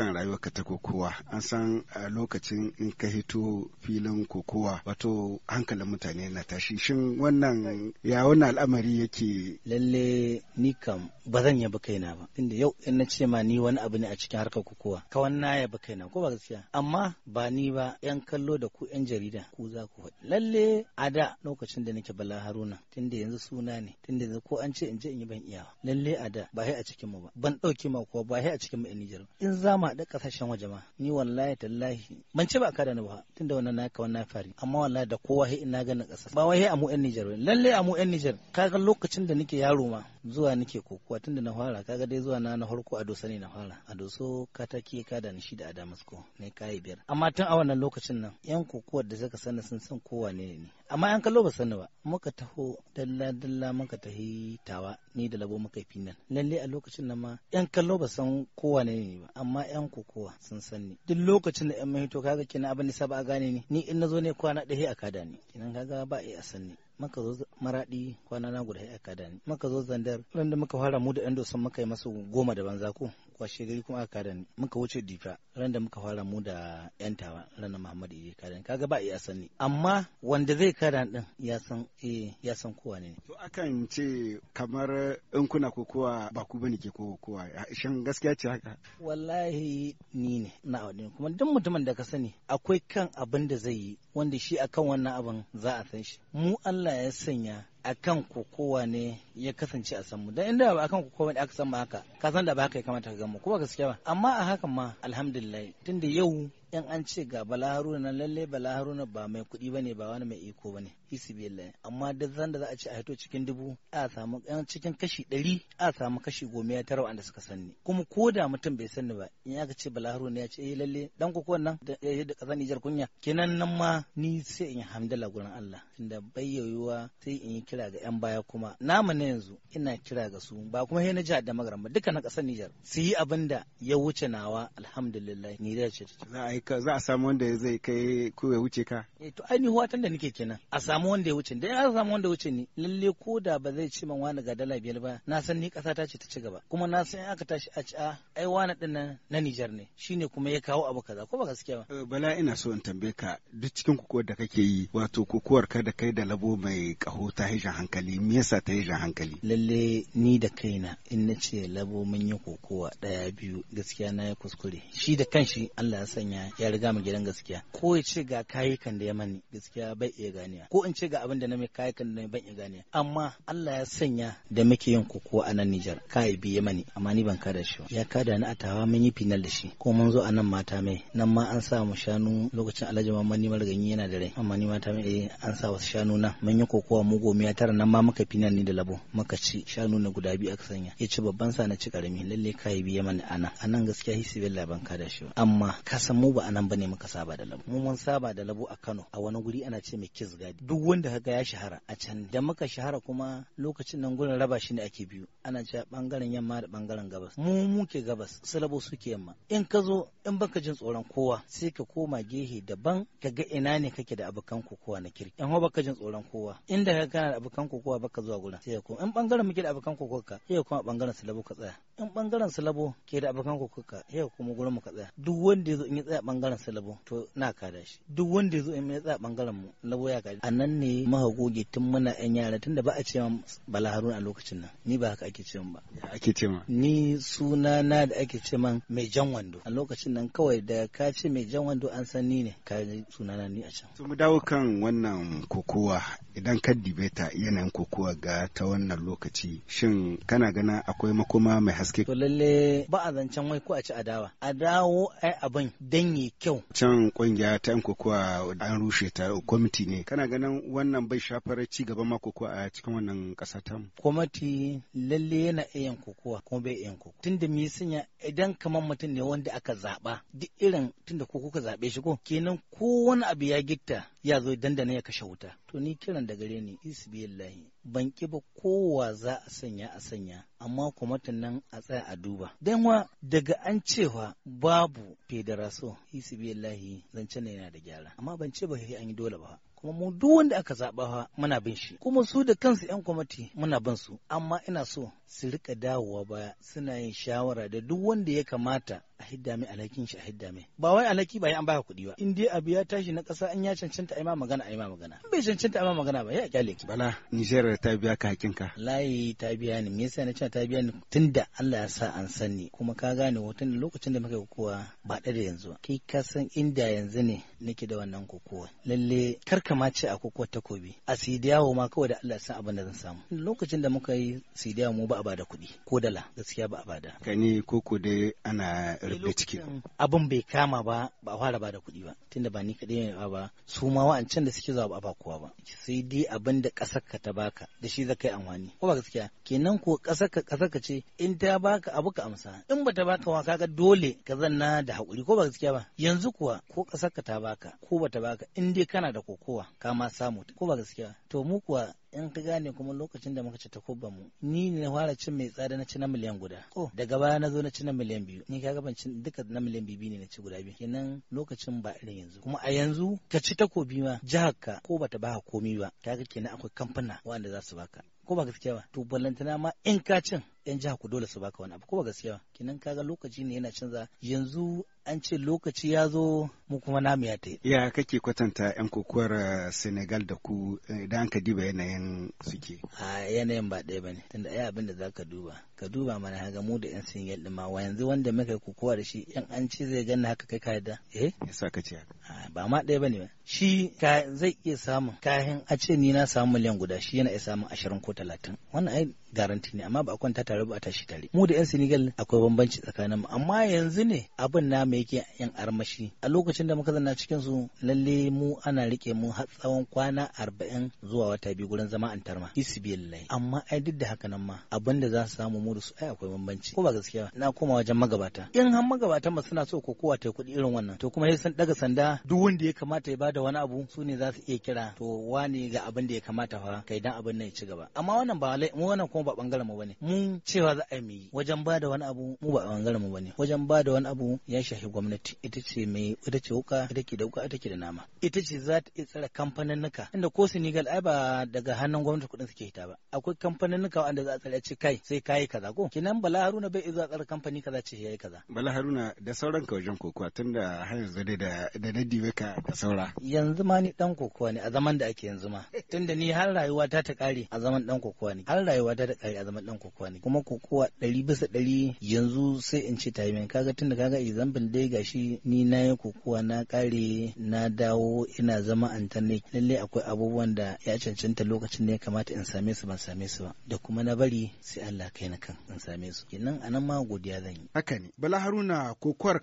kan rayuwarka ta kokowa an san a eh, lokacin in ka hito filin kokowa wato hankalin mutane na tashi shin wannan ya wani al'amari yake lalle ni kam ba zan yaba kaina ba inda yau in na ce ma ni wani abu ne a cikin harkar kokowa kawan na yaba kaina ko ba gaskiya amma ba ni ba yan kallo da ku yan jarida ku za ku faɗi lalle a da lokacin da nake bala haruna tunda yanzu suna ne tunda yanzu ko an ce in je in yi ban iyawa lalle a da ba a cikin mu ba ban ɗauke ma kuwa ba a cikin mu in Nijar in za a da kasashen waje ma ni wallahi tallahi ban ce ba ka da ni ba da wannan na ka wannan fari amma wallahi da kowa he ina ganin kasa ba wai he amu yan Nijar lalle amu yan Nijar kaga lokacin da nake yaro ma zuwa nake kokuwa tun da na fara kaga dai zuwa na na farko a dosa ne na fara a doso ke ka da nishi shi da ko ne kayi biyar amma tun a wannan lokacin nan yan kokuwar da suka sani sun san kowa ne ne amma yan kallo ba sani ba muka taho dalla dalla muka tahi tawa ni da labo muka fi nan lalle a lokacin nan ma yan kallo ba san kowa ne ne ba amma yan kokowa sun san ni duk lokacin da yan mahito kaga kina abin da saba a gane ni ni in na zo ne kwana ɗaya a kada ni kinan kaga ba a san maka zo maradi kwana na guda ya kada ni maka zo zandar ran da muka fara mu da yan dosan muka yi masu goma da banza ko kwashe gari kuma aka kada ni muka wuce difa ran da muka fara mu da yan tawa ran da muhammadu ya kada ni kaga ba iya sani amma wanda zai kada ɗin ya san eh ya san kowa ne to akan ce kamar in kuna kowa ba ku bane ke kowa. shin gaskiya ce haka wallahi ni ne na aure kuma duk mutumin da ka sani akwai kan abin da zai yi wanda shi akan wannan abin za a san shi mu Allah ya sanya akan kokowa ne ya kasance a sanmu dan inda ba akan kokowa ne aka san haka ka san da ba haka ya kamata ka gamu kuma gaskiya ba amma a hakan ma alhamdulillah tunda yau in an ce ga bala haruna lalle bala haruna ba mai kuɗi ba ba wani mai iko ba ne hisi billahi amma duk zan da za a ce a hito cikin dubu a samu yan cikin kashi ɗari a samu kashi goma ya tara wanda suka sanni kuma ko da mutum bai sanni ba in aka ce bala haruna ya ce eh lalle dan ko nan da ya da kasan Nijar kunya kenan nan ma ni sai in yi hamdala gurin Allah tunda bayyayuwa sai in yi kira ga yan baya kuma namu na yanzu ina kira ga su ba kuma sai na jihar da ba duka na ƙasar Nijar su yi abin da ya wuce nawa alhamdulillah ni da ce za a yi ka za a samu wanda zai kai ko ya wuce ka eh to ni watan da nake kenan a samu wanda ya wuce da ya samu wanda ya wuce ni lalle ko da ba zai ci man wani ga dala biyar ba na san ni kasa ta ce ta ci gaba kuma na san aka tashi a ci a ai wani din nan na Nijar ne shine kuma ya kawo abu kaza ko ba gaskiya ba eh, bala ina so in tambaye ka duk cikin kukuwar da kake yi wato kukuwar ka da kai da labo mai kaho ta hijin hankali me yasa ta hijin hankali lalle ni da kaina in na ce labo mun yi kokowa daya biyu gaskiya na ya kuskure shi da kanshi Allah ya sanya ya riga mu gidan gaskiya ko ya ce ga kayakan da ya mani gaskiya bai iya ganiya ko in ce ga abin da na mai kayakan da ban iya ganiya amma Allah ya sanya da muke yin koko a nan Nijar kai ya mani amma ni ban kada shi ya kada ni a tawa mun yi final da shi ko mun zo a nan mata mai nan ma an sa mu shanu lokacin Alhaji Muhammad ni marganyi yana da rai amma ni mata mai eh, an sa wasu shanu na mun yi kokowa mu ya tara nan ma muka final ni da labo muka ci shanu na guda biyu aka sanya ya ci babban sa na ci karami lalle kai ya mani ana anan gaskiya hisi ban kada shi amma ka mu ba ne muka saba da labu mu mun saba da labu a Kano a wani guri ana ce mai kiss gadi duk wanda kaga ya shahara a can da muka shahara kuma lokacin nan gurin raba shi ne ake biyu ana cewa bangaren yamma da bangaren gabas mu muke gabas su labu suke yamma in ka zo in baka jin tsoron kowa sai ka koma gehe daban ka ga ina ne kake da abokan kokowa na kirki in baka jin tsoron kowa inda ka kana da abokan kokowa baka zuwa gurin sai ka in bangaren muke da abokan kokowa ka sai kuma bangaren su labu ka tsaya in bangaren su labu ke da abokan kokowa ka sai kuma gurin mu ka tsaya duk wanda ya zo in ya tsaya bangaren sa labo to na kada shi duk wanda ya zo in ya tsaya bangaren mu labo ya kada a nan ne mahagoge tun muna yan yara tun da ba a cewa bala haruna a lokacin nan ni ba haka ake cewa ba ake cewa ni suna na da ake cewa mai jan wando a lokacin nan kawai da ka ce mai jan wando an san ni ne ka suna na ni a can. mu dawo kan wannan kokowa idan ka dibeta yanayin kokowa ga ta wannan lokaci shin kana gana akwai makoma mai haske to lalle ba a zancen wai ko a ci adawa a dawo ai abin Dan yi kyau can kungiya ta yan kokowa an rushe ta kwamiti ne kana ganin wannan bai shafar ci gaban ma kokowa a cikin wannan kasa ta kwamiti lalle yana iya kokowa kuma bai iya kokowa tunda me sanya idan kamar mutum ne wanda aka zaba duk irin tunda ko kuka zabe shi ko kenan ko wani abu ya gitta ya zo dandana ya kashe wuta to ni kiran da gare ni isbillahi ban ki ba kowa za a sanya a sanya amma kuma nan a tsaya a duba dan wa daga an cewa babu federaso isbillahi zance ne yana da gyara amma ban ce ba sai an yi dole ba kuma mu duk wanda aka zaɓa fa muna bin shi kuma su da kansu 'yan kwamiti muna bin su amma ina so su rika dawowa baya suna yin shawara da duk wanda ya kamata a hidda mai alhakin shi a hidda mai ba wai alhaki ba an baka kuɗi ba in dai abu ya tashi na ƙasa an ya cancanta a ma magana a ma magana in bai cancanta a ma magana ba ya kyale ki bala nijar ta biya ka hakin ka layi ta biya ni me yasa na ce ta biya ni tunda Allah ya sa an san ni. kuma ka gane hoton lokacin da muka yi kowa ba ɗaya da yanzu kai ka san inda yanzu ne nake da wannan kokowa lalle kar ka ma ce a kokowa takobi a sidiyawo ma kawai da Allah ya san abin da zan samu lokacin da muka yi sidiyawo mu ba a bada kuɗi ko dala gaskiya ba a bada kani koko dai ana rubuta ciki abin bai kama ba ba fara ba da kuɗi ba tunda ba ni kaɗai ne ba ba su ma wa'ancan da suke zuwa ba ba kowa ba sai dai abin da ƙasar ka ta baka da shi za ka yi amfani ko ba gaskiya kenan ko ƙasar ka ƙasar ka ce in ta baka abu ka amsa in ba ta baka wa kaga dole ka zanna da haƙuri ko ba gaskiya ba yanzu kuwa ko ƙasar ka ta baka ko ba ta baka in dai kana da kokowa ka ma samu ko ba gaskiya to mu kuwa in ka gane kuma lokacin da muka ci takobban mu ni ne na fara cin mai tsada na ci na miliyan guda ko oh. daga baya na zo na ci na miliyan biyu ni ka gaban cin duka na miliyan biyu ne na ci guda biyu kenan lokacin ba irin yanzu kuma a yanzu ka ci takobi ma jihar ka ko bata baka komi ba kaga kenan akwai kamfana wanda za su baka ko ba gaskiya ba to ballantana ma in ka cin yan jihar ku dole su baka wani abu ko ba gaskiya ba kinan kaga lokaci ne yana canza yanzu an ce lokaci ya zo mu kuma namu ya ta ya kake kwatanta yan kokowar eh, senegal da ku eh, idan ka diba yanayin suke a yanayin ba ɗaya bane tunda ai abin da zaka duba ka duba mana haga mu da yan senegal din ma wa yanzu wanda muka kokowa da shi yan an ci zai ganna haka kai ka yadda? eh yasa ka ce haka ba ma ɗaya bane ba shi zai iya samun kayan a ce ni na samu miliyan guda shi yana iya samun ashirin ko talatin wannan ai garanti ne amma ba a kwanta tare ba a tashi tare mu da yan senegal akwai bambanci tsakanin tsakaninmu amma yanzu ne abin na mai yake yan armashi a lokacin lokacin da muka zanna cikin su lalle mu ana rike mu har tsawon kwana arba'in zuwa wata biyu gurin zama an tarma isbillahi amma ai duk da haka nan ma abin da za su samu mu da su ai akwai bambanci ko ba gaskiya na koma wajen magabata in har magabatan ba suna so ko kowa ta kuɗi irin wannan to kuma sai san daga sanda duk wanda ya kamata ya bada wani abu su ne za su iya kira to wani ga abin da ya kamata fa kai dan abin nan ya ci gaba amma wannan ba mu wannan kuma ba bangaren mu bane mu cewa za a yi wajen bada wani abu mu ba bangaren mu bane wajen bada wani abu ya shafi gwamnati ita ce mai ita ce wuka ita ke da wuka ita ke da nama ita ce za ta iya kamfanin nuka inda ko Senegal ai ba daga hannun gwamnati kuɗin suke hita ba akwai nuka wanda za a tsara ce kai sai kayi kaza ko kinan Bala Haruna bai iya tsara kamfani kaza ce yayi kaza Bala Haruna da sauran ka wajen kokowa tunda har yanzu dai da da nadi ka da saura yanzu ma ni dan kokowa ne a zaman da ake yanzu ma tunda ni har rayuwa ta ta kare a zaman dan kokowa ne har rayuwa ta ta kare a zaman dan kokowa ne kuma kokowa ɗari bisa ɗari yanzu sai in ce ta yi kaga tunda kaga example dai gashi ni na yi kokowa na kare na dawo ina zama ne. lalle akwai abubuwan da ya cancanta lokacin da ya kamata in same su ban same su ba da kuma na bari sai Allah kai na kan in same su kenan anan ma godiya zan yi haka ne bala haruna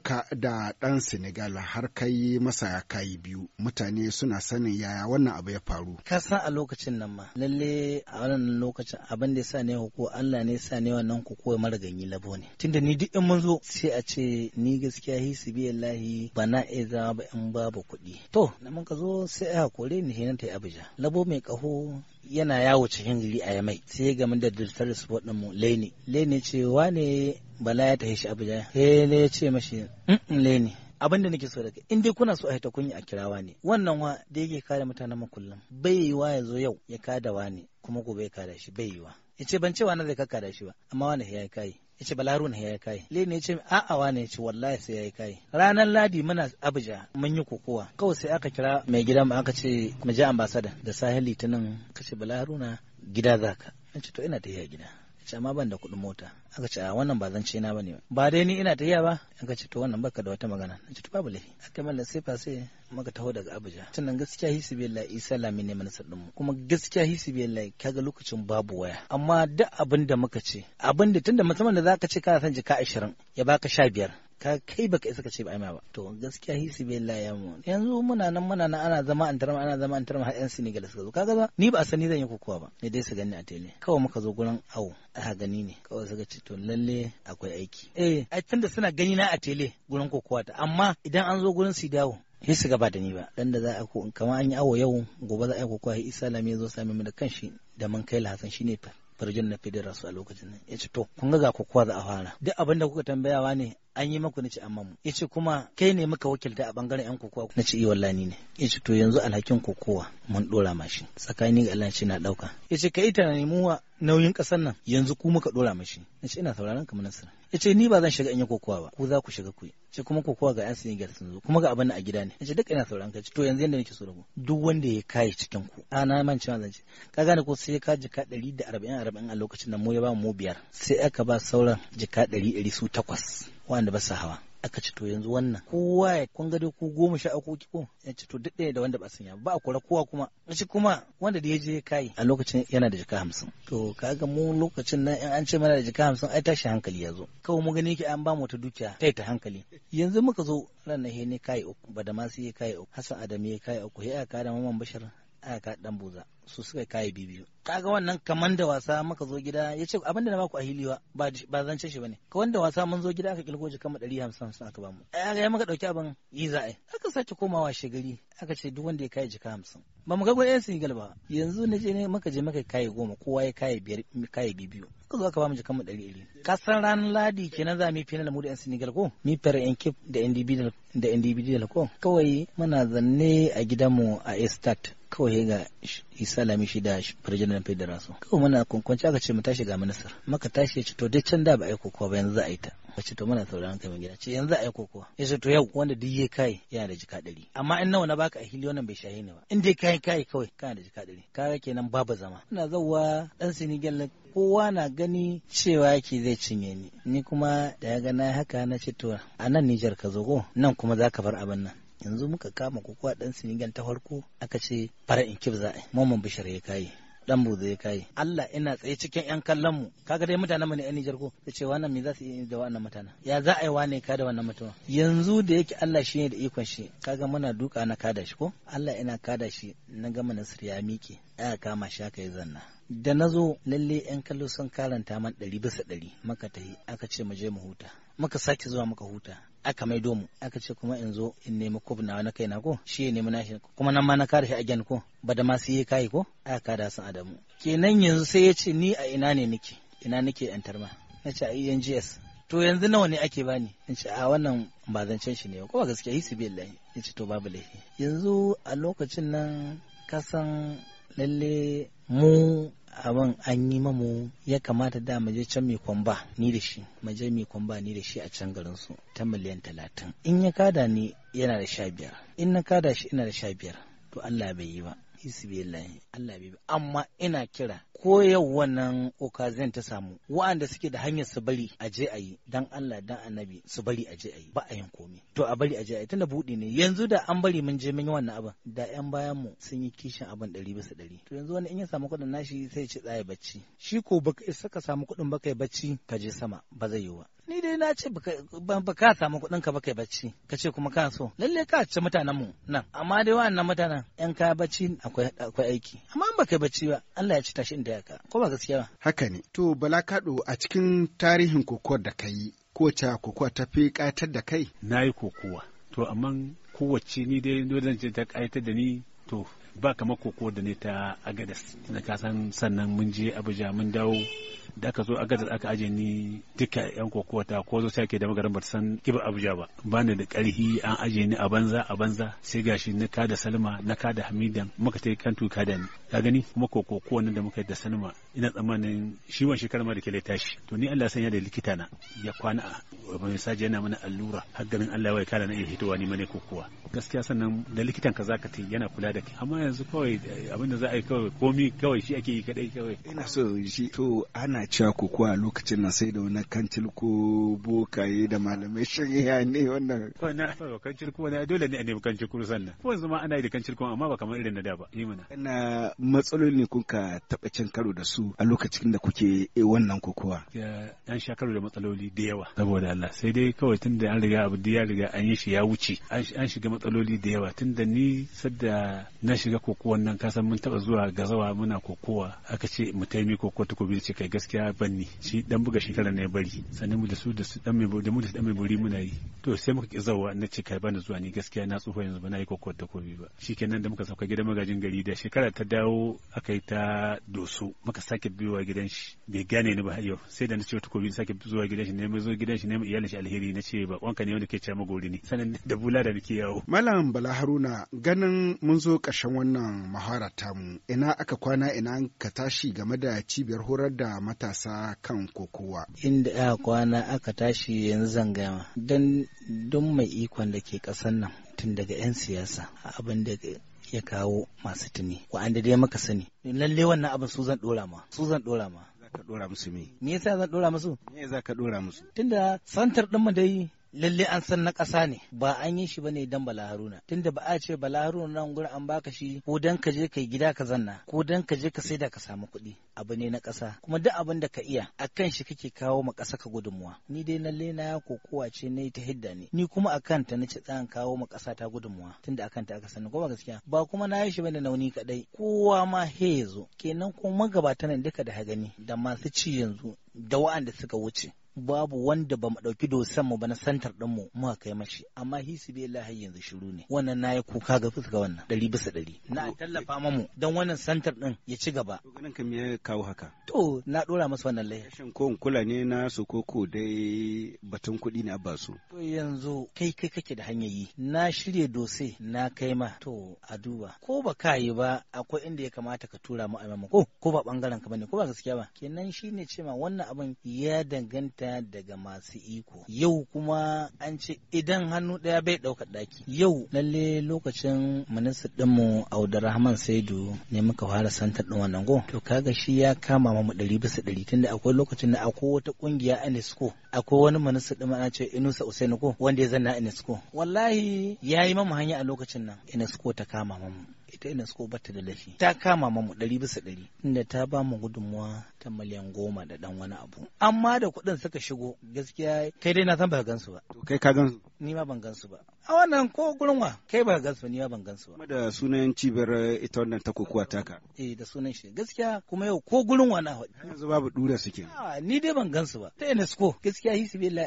ka da dan senegal har kai masa kai biyu mutane suna sanin yaya wannan abu ya faru ka san a lokacin nan ma lalle a wannan lokacin abin da sa ne ko Allah ne sa ne wannan ko mara ganyi labo ne tunda ni duk in mun zo sai a ce ni gaskiya hisibiyallahi bana iya za ba in babu kuɗi to na mun ka zo sai a kore ni hinan ta abuja labo mai kaho yana yawo cikin gari a yamai sai ya da dirtar sport din mu leni leni ce wane bala ya tafi shi abuja sai ya ce mashi leni abin da nake so daga in dai kuna so a ta kunya a kirawa ne wannan wa da yake kare mutanen mu kullum bai wa ya zo yau ya kada ne? kuma gobe ya kada shi bai yi wa. ya ce ban cewa na zai kakka da shi ba amma wani ya kai ya ce balaruna ya yi kai leni ya ce a'a wane ya ce wallahi sai ya yi kai ranar ladi muna abuja mun yi kokowa kawai sai aka kira mai gida mu aka ce mu je ambasada da sahel litinin ka ce balaruna gida zaka an ce to ina da iya gida ce ban da kuɗin mota aka ce a wannan ba zance na bane ba dai ni ina tafiya ba aka ce to wannan baka da wata magana na ce to babu laifi aka mana sai fa sai maka taho daga Abuja sannan gaskiya hisi billah Isa Lami ne mana sadin mu kuma gaskiya hisi billah kaga lokacin babu waya amma duk abin da muka ce abin da tunda musamman da zaka ce kana son jika 20 ya baka biyar. ka kai baka isa ka ce ba ai ba to gaskiya hisi bai ya mu yanzu muna nan muna nan ana zama an tarma ana zama an tarma har yan Senegal suka zo kaga ba ni ba sani zan yi kokowa ba ne dai su gani a tele kawai muka zo gurin awo a gani ne kawai suka ce to lalle akwai aiki eh ai tunda suna gani na a tele gurin kokowa ta amma idan an zo gurin su dawo hisi gaba da ni ba dan da za a ko kamar an yi awo yau gobe za a yi kokowa Isa Lami zo sami mu da kanshi da man kai lahasan shine farjin na fidira su a lokacin nan ya ce to kun ga kokowa za a fara duk abin kuka tambayawa ne an yi maku nace amma mu yace kuma kai ne muka wakilta a bangaren yan kokowa nace eh wallahi ne yace to yanzu alhakin kokowa mun dora mashi tsakani ga Allah shi na dauka yace kai ta nemuwa nauyin ƙasar nan yanzu ku muka dora mashi nace ina sauraron ka nasara yace ni ba zan shiga in yi kokowa ba ku za ku shiga ku yi ce kuma kokowa ga yan yi sun zo kuma ga abin a gida ne yace duk ina sauraron ka to yanzu yanda nake so rabu duk wanda ya kai cikin ku a na man cewa zan ce ka gane ko sai ka jika 140 40 a lokacin nan mu ya ba mu biyar sai aka ba sauran jika 100 su takwas wanda ba su hawa aka ci to yanzu wannan kowa ya kun gado ku goma sha uku ko ya ci to duk da wanda ba sanya ba a kura kowa kuma shi kuma wanda da ya je kai a lokacin yana da jika hamsin to kaga mu lokacin nan in an ce mana da jika hamsin ai tashi hankali ya zo kawai mu gani yake an ba mu ta dukiya tai ta hankali yanzu muka zo ran na ne kai uku ba da ma kai uku hasan adam ya kai uku ya ka da mamman bashar aka ka dan buza su suka kai biyu kaga wannan kaman da wasa muka zo gida ya ce abinda da na baku a hiliwa ba zance shi bane ka wanda wasa mun zo gida aka kilgo ji kama 150 aka bamu ai ya muka dauki abin yi za ai aka sace komawa gari aka ce duk wanda ya kai jika 50 ba mu ga gurin yan single ba yanzu na je ne muka je muka kai goma kowa ya kai biyar kai biyu ka zo aka bamu ji kama 100 ka san ranar ladi kenan za mu yi final mu da yan single ko mi fara yan kip da individual da individual ko kawai muna zanne a gidanmu a estate kawai ga isa lami shi da farjin nan da rasu kawai muna kwankwanci aka ce mu tashi ga ministar maka tashi ya ce to dai can da ba a yi kokowa ba yanzu za a yi ta ka ce to muna sauraron kai gida ce yanzu a yi kokowa ya ce to yau wanda duk ya kai yana da jika ɗari amma in nawa na baka a hili wannan bai shahi ne ba in dai kai kai kawai kana da jika ɗari ga kenan babu zama ina zauwa dan sinigal kowa na gani cewa yake zai cinye ni ni kuma da ya ga na haka na ce to a nan Nijar ka zo nan kuma za ka bar abin nan yanzu muka kama kukuwa dan sinigan ta farko aka ce fara in kif za mamman bishar ya kayi dan buzu ya kayi Allah ina tsaye cikin yan kallon mu kaga dai mutanen mu ne yan Nijar ko ta ce wannan me za su yi da wannan mutanen ya za a yi wane ka da wannan mutumin yanzu da yake Allah shi ne da ikon shi kaga muna duka na kada shi ko Allah ina kada shi na gama Nasir ya miƙe aka kama shi aka yi zanna da na zo lalle yan kallo sun karanta man ɗari bisa ɗari maka tahi aka ce mu je mu huta muka sake zuwa muka huta aka maido mu aka ce kuma in zo in nemi kub na wani kaina ko shi ya nemi nashi kuma nan ma na kare shi a gyan ko ba da masu yi kai ko aka kada sun adamu kenan yanzu sai ya ce ni a ina ne nake ina nake yan tarma na ce a ENGS to yanzu nawa ne ake bani in ce a wannan ba zancen shi ne ko gaskiya hisi billahi in ce to babu laifi yanzu a lokacin nan kasan lalle mu abin an yi mamu ya kamata da mu can mai kwamba ni da shi mu mai kwamba ni da shi a can garin su ta miliyan talatin in ya kada ni yana da sha biyar in na kada shi yana da sha biyar to Allah bai yi ba Isbillahi Allah bibi amma ina kira ko yau wannan okazin ta samu wa'anda suke da hanyar su bari a je a yi dan Allah dan annabi su bari a je a yi ba a yin komai to a bari a je a yi tunda buɗe ne yanzu da an bari mun je mun yi wannan abin da yan bayan mu sun yi kishin abin ɗari bisa ɗari to yanzu wani in ya samu kuɗin nashi sai ya ci tsaye bacci shi ko baka isa ka samu kuɗin baka yi bacci ka je sama ba zai yi ba ni dai na ce ba ka samu kuɗin ka ba kai bacci ka ce kuma ka so lalle ka ci mutanen mu nan amma dai wa'annan mutanen yan ka bacci akwai aiki amma ba kai bacci ba Allah ya ci tashi inda ya ka ko ba gaskiya ba haka ne to bala kaɗo a cikin tarihin kokowar da ka yi kowace kokowa ta fi ƙayatar da kai na yi kokowa to amma kowace ni dai dole ce ta ƙayatar da ni to ba kamar kokowar da ne ta agadas na kasan sannan mun je abuja mun dawo da aka zo a gadar aka aje ni duka yan kokowa ta ko zo sake da magaran ba san kiba abuja ba ba da karhi an aje ni a banza a banza sai gashi na kada salma na kada hamidan muka tai kan tuka da ni ka gani kuma kokowa nan da muka yi da salma ina tsammanin shi wan shekara ma da ke tashi to ni Allah sanya da likita na ya kwana a mai saji yana mana allura har Allah ya kala na iya hitowa ni mane kokowa gaskiya sannan da likitan ka zaka ta yana kula da kai amma yanzu kawai eh, abinda za a yi kawai komi kawai shi ake yi kadai kawai ina so shi to ana cewa kokowa a lokacin na sai da wani kancil ko bokaye da malamai shari'a ne wannan. Wannan kancil ko wani dole ne a nemi kancil ko sannan. Ko yanzu ma ana yi da kancil ko amma ba kamar irin na da ba. Yi mana. Ina matsaloli ne kun ka taɓa cin karo da su a lokacin da kuke wannan kokowa. Ya an sha karo da matsaloli da yawa saboda Allah sai dai kawai tun da an riga abu da ya riga an yi shi ya wuce an shiga matsaloli da yawa tun da ni sadda na shiga kokowan nan kasan mun taɓa zuwa gazawa muna kokowa aka ce mu taimi kokowa tukubi ce kai gaskiya gaskiya banni shi dan buga shekara ne bari sannan mu da su da su dan mai da mu da dan mai bori muna yi to sai muka ki zawa na ce kai bani zuwa ni gaskiya na tsufa yanzu ba na yi kokko da kobi ba shikenan da muka sauka gidan magajin gari da shekara ta dawo aka yi ta doso muka sake biyowa gidan shi bai gane ni ba yau sai da na ce wata kobi sake zuwa gidan shi ne zo gidan shi ne iyalin shi alheri na ce ba wanka ne wanda ke ce magori ne sanan da bula da nake yawo malam bala haruna ganin mun zo ƙarshen wannan mahara tamu ina aka kwana ina ka tashi game da cibiyar horar da mata matasa kan kokowa. Inda aka kwana aka tashi yanzu zangama don don mai ikon da ke ƙasar nan tun daga 'yan siyasa abin da ya kawo masu tuni wa'anda dai maka sani lalle wannan abin su zan dora ma su zan dora ma Za ka dora musu me me yasa zan dora musu me za ka dora musu tunda santar din mu dai lalle an san na ƙasa ne ba an yi shi bane dan bala haruna tunda ba a ce bala haruna nan gurin an baka shi ko dan ka je kai gida ka zanna ko dan ka je ka sai da ka samu kuɗi abu ne na ƙasa kuma duk abin da ka iya akan shi kake kawo ma ƙasa ka gudunmuwa ni dai lallai na kokowa ce na yi ta hidda ne ni kuma akan na ci tsan kawo ma ƙasa ta gudunmuwa tunda akan ta aka sani kuma gaskiya ba kuma na yi shi bane nauni kadai kowa ma he yazo kenan kuma nan duka da ha gani da masu ci yanzu da wa'anda suka wuce babu wanda ba mu ɗauki dosan mu ba na santar ɗin mu muka kai mashi amma hisi bai lahi yanzu shiru ne wannan na ya kuka ga fuska wannan ɗari bisa ɗari na tallafa mu don wannan santar ɗin ya ci gaba. Ganin kam ya kawo haka. To na ɗora masa wannan layi. Shin ko kula ne na su ko ko dai batun kuɗi ne ba su. To yanzu kai kai kake da hanyar na shirya dose na kai ma to a duba ko ba ka yi ba akwai inda ya kamata ka tura mu a ko ko ba bangaren ka bane ko ba gaskiya ba kenan shine ce wannan abin ya danganta ɗaya daga masu iko yau kuma an ce idan hannu ɗaya bai ɗaukar ɗaki yau lalle lokacin minista ɗinmu Rahman saidu ne muka fara santar ɗin wannan go to kaga shi ya kama mu ɗari bisa ɗari tunda akwai lokacin da akwai wata ƙungiya UNESCO akwai wani minista ɗin ana ce Inusa Usainu ko wanda ya zanna UNESCO wallahi ya yi mamu hanya a lokacin nan UNESCO ta kama mamu ita idan ko bata da lafi ta kama mu ɗari bisa ɗari inda ta ba mu gudunmuwa ta miliyan goma da ɗan wani abu amma da kuɗin suka shigo gaskiya kai dai na san ba gansu ba to kai ka gansu ni ma ban gansu ba a wannan ko gurin wa kai ba gansu ba ni ma ban gansu ba da sunan cibiyar eh, ita wannan ta kokowa taka eh da sunan shi gaskiya kuma yau ko gurin wa na yanzu babu dura suke a ni dai ban gansu ba ta UNESCO gaskiya su bela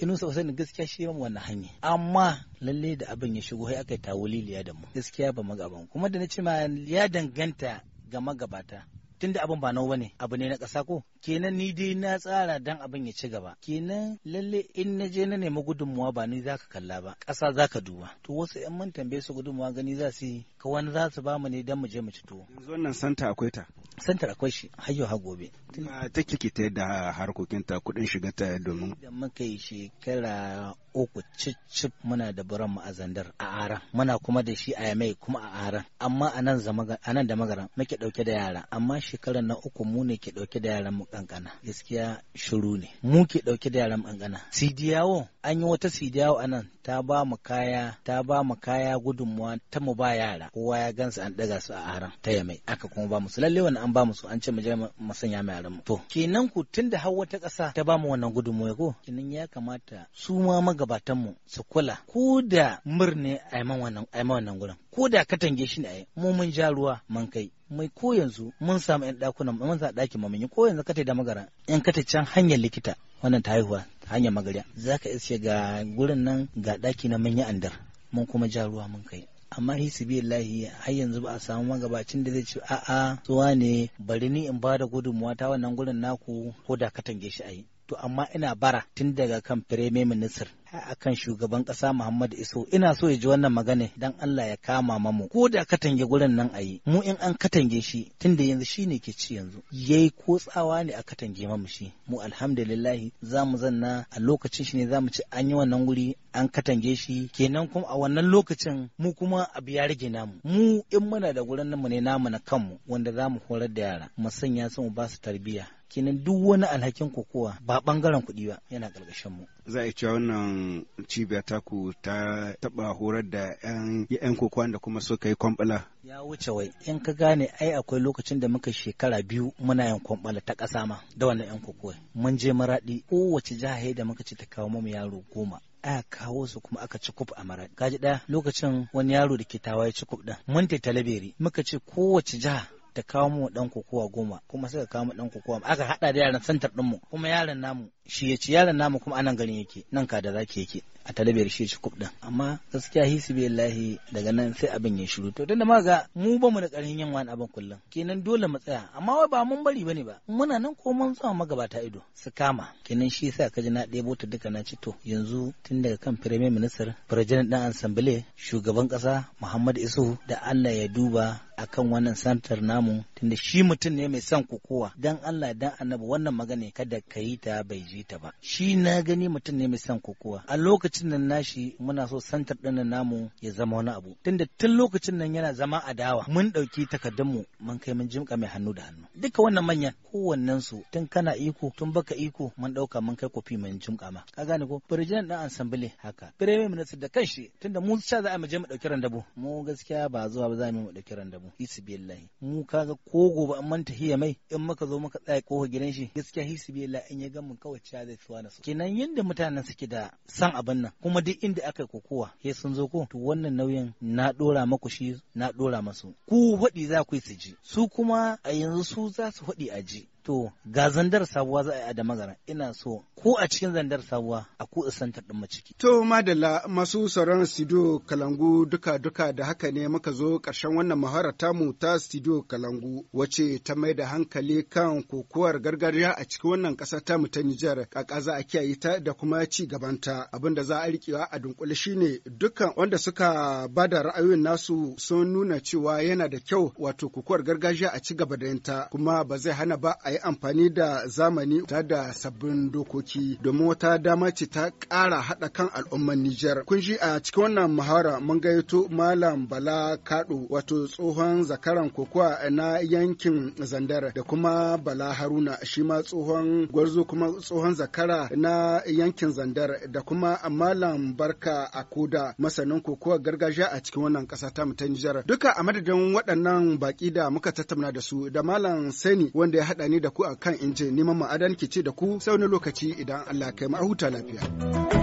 inu sa sanin gaskiya shi mu wannan hanya amma lalle da abin ya shigo sai aka yi tawuliliya da mu gaskiya ba magaban kuma da na ce ma ya danganta ga magabata tunda abin ba nawa ne? abu ne na ƙasa ko kenan ni dai na tsara dan abin ya ci gaba kenan lalle in na je na nemi gudunmuwa ba ni zaka kalla ba ƙasa zaka duba to wasu yan mun tambaye su gudunmuwa gani za su yi ka wani za su ba mu ne dan mu je mu ci tuwo yanzu wannan santa akwai ta santar akwai shi hayyo ha gobe ta kike ta yadda harkokin ta kuɗin shiga ta domin da muka yi shekara uku cicip muna da buran mu a zandar a ara muna kuma da shi a yamai kuma a ara amma a nan da magaran muke ɗauke da yara amma shekarar na uku mu ne ke ɗauke da yaran mu kankana gaskiya shiru ne mu ke dauke da yaran kankana sidiyawo an yi wata sidiyawo anan ta ba mu kaya ta ba mu kaya gudunmuwa ta mu ba yara kowa ya gansa an daga su a haram ta yamai aka kuma ba mu su lalle wannan an ba mu su an ce mu je mu sanya mu yaran mu to kenan ku tun da har wata ƙasa. ta ba mu wannan gudunmuwa ko kenan ya kamata su ma magabatan mu su kula ko da murne a yi man wannan gurin ko da katange shi ne a yi mu mun ja ruwa man kai mai ko yanzu mun samu yan dakunan mun sa mun yi ko yanzu kata da magara yan kata can hanyar likita wannan ta haihuwa hanyar magariya zaka iske ga gurin nan ga daki na manya andar mun kuma ja ruwa mun kai amma hisibillahi har yanzu ba a samu magabacin da zai ce a'a tsuwa ne bari ni in ba da gudunmuwa ta wannan gurin naku ko da tange shi a yi to amma ina bara tun daga kan fireme minister kan shugaban kasa Muhammadu Iso ina so ya ji wannan magana dan Allah ya kama mamu ko da katange gurin nan a yi. mu in an katange shi tun da yanzu shine ke ci yanzu yayi ko tsawa ne a katange mamu shi mu alhamdulillahi za mu zanna a lokacin shi ne za mu ci an yi wannan guri an katange shi kenan kuma a wannan lokacin mu kuma abu ya rage namu mu in muna da gurin namu ne namu na kanmu wanda za mu horar da yara mu sanya su mu ba su tarbiyya kenan duk wani alhakin kokowa ba bangaren kuɗi ba yana ƙarƙashin mu za a cewa wannan cibiya taku ta taɓa horar da 'yan kokowa da kuma so ka yi kwambala ya wuce wai in ka gane ai akwai lokacin da muka shekara biyu muna yin kwambala ta ƙasa ma da wannan 'yan kokowa mun je maraɗi kowace jiha da muka ce ta kawo mu yaro goma aka kawo su kuma aka ci kuf a maraɗi. gaji ɗaya lokacin wani yaro da ke tawaye ci kuf ɗin mun talabere muka ce kowace jiha ta kawo mu dan kokowa goma kuma suka kawo mu dan kokowa aka hada da yaran santar dinmu kuma yaran namu shi ya ci yaran namu kuma anan garin yake nan ka da zaki yake a talabiyar shi shi din amma gaskiya hisi lahi daga nan sai abin ya shiru to tunda ma ga mu ba mu da karhin yin wani abin kullum kenan dole mu tsaya amma wai ba mun bari bane ba muna nan ko mun zuwa magabata ido su kama kenan shi yasa kaji na ɗebo ta duka na ci to yanzu tun daga kan premier minister president dan assembly shugaban kasa Muhammadu Isu da Allah ya duba akan wannan santar namu tunda shi mutum ne mai son kokowa dan Allah dan annabi wannan magana kada ka yi ta bai ji ta ba shi na gani mutum ne mai son kokowa a lokacin lokacin nan nashi muna so santar ɗin namu ya zama wani abu tunda tun lokacin nan yana zama adawa mun ɗauki takardunmu mun kai mun jimka mai hannu da hannu duka wannan manyan kowannen su tun kana iko tun baka iko mun ɗauka mun kai kofi mun jimka ma ka gane ko firjinan ɗan ansambile haka firayim minister da kanshi tunda mu sha za a mu je mu ɗauki randabu mu gaskiya ba zuwa ba za mu mu ɗauki randabu hisbillahi mu kaga ko gobe an manta hiya mai in muka zo muka tsaya ko gidan shi gaskiya hisbillahi in ya ga mun kawai cewa zai fi na su kenan yanda mutanen suke da san abin nan kuma duk inda aka yi kokowa sai sun zo ko to wannan nauyin na dora maku shi na dora masu ku faɗi za ku yi su ji su kuma a yanzu su za su faɗi a ji to ga zandar sabuwa za a yi a da ina so ko a cikin zandar sabuwa a ku ɗin maciki. To madalla masu sauran studio kalangu duka duka da haka ne muka zo ƙarshen wannan mahara tamu ta studio kalangu wace ta mai da hankali kan kokowar gargajiya a cikin wannan ƙasa tamu ta Nijar kaka za a kiyaye ta da kuma ci gabanta abin da za a riƙewa a dunkule shine dukkan wanda suka ba da ra'ayoyin nasu sun nuna cewa yana da kyau wato kokowar gargajiya a ci gaba da yanta kuma ba zai hana ba a yi yi amfani da zamani ta da sabbin dokoki domin wata dama ce ta ƙara haɗa kan al'umman Nijar. Kun ji a cikin wannan muhawara mun gayyato Malam Bala Kaɗo wato tsohon zakaran kokowa na yankin Zandar da kuma Bala Haruna shi ma tsohon gwarzo kuma tsohon zakara na yankin Zandar da kuma Malam Barka Akoda masanin kokowa gargajiya a cikin wannan ƙasa ta ta Nijar. Duka a madadin waɗannan baƙi da muka tattauna da su da Malam Sani wanda ya haɗa ni da da ku akan injin neman ma'adan ki ce da ku sau na lokaci idan Allah kai mu huta lafiya.